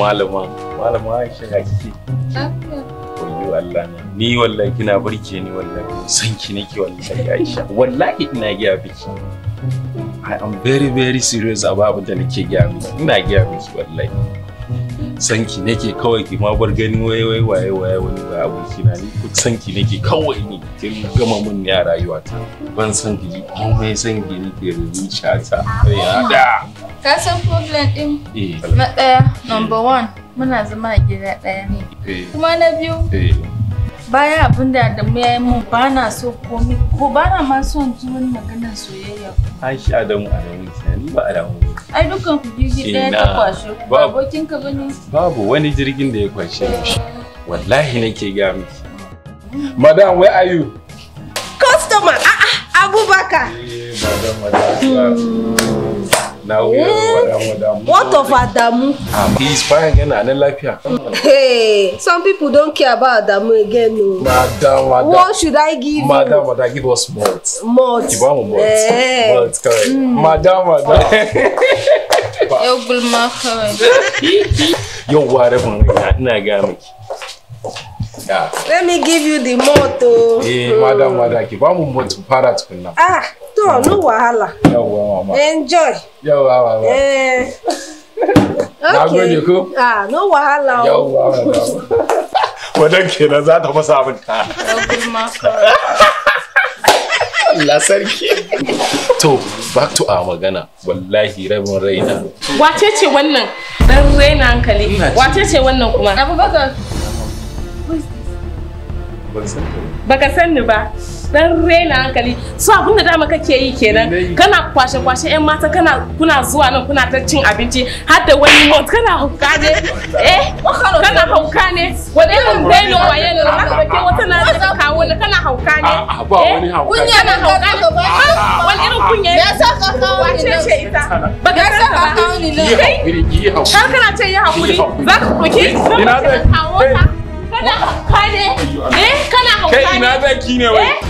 malama malama Aisha ga kike Oyo Allah ne. ni wallahi kina barke ni wallahi san ki nake wallahi Aisha wallahi ina giya biki I am very very serious about abin da nake giya miki ina giya miki wallahi san ki nake kawai ki ma bar gani waye waye waye waye wani ba aboki na ni san ki nake kawai ni kin gama mun ne a rayuwata ban san ki komai san ki nake da zuciyata ya da Ka san problem ɗin? Eh. Na ɗaya, number one, muna zama a gida ɗaya ne. Eh. Kuma na biyu, eh. baya abin da Adamu ya yi min ba na so komi ko ba na ma son ji wani maganar soyayya. Ai shi Adamu Adamu ni ba Adamu. Ai dukan ku jirgi ɗaya ta kwashe ku ba abokin ka bane. Babu wani jirgin da ya kwashe shi. Wallahi nake ga miki. Madam where are you? Customer a'a Abubakar. Eh madam madam. Hmm. na eh? wadamu what of adamu ah, he is fine again and then life here. hey some people don't care about adamu again no oh. madam madam what should i give madam you madam madam give us malt malt give am malt eh. malt correct mm. madam madam yau gulma kawai Yeah. Let me give you the motto. Oh. Eh, hey, madam, madam, Give ba mu mutu fara tukunna. Ah, doctor, no wahala enjoy eh. Okay. mama eh okay ko ah no wahala yawa mama wadan za ta fasa min ta Allah sarki. To, back to our magana. Wallahi rabin raina. Wace ce wannan? Dan raina hankali. Wace ce wannan kuma? Abubakar. baka sani ba dan rena hankali su abin da dama kake yi kenan kana kwashe kwashe yan mata kana kuna zuwa nan kuna ta cin abinci har da wani mot kana hauka ne eh kana hauka ne wani irin bello waye ne haka bake wata na ta kawo ne kana hauka ne ba eh, wani hauka kunya na hauka ah, wani irin kunya ya saka kawo wace ce ita baka san ka kawo ne kai kana ce ya hakuri za ka ina da kana hauka ne eh kana hauka ne kai ina zaki ne wai eh?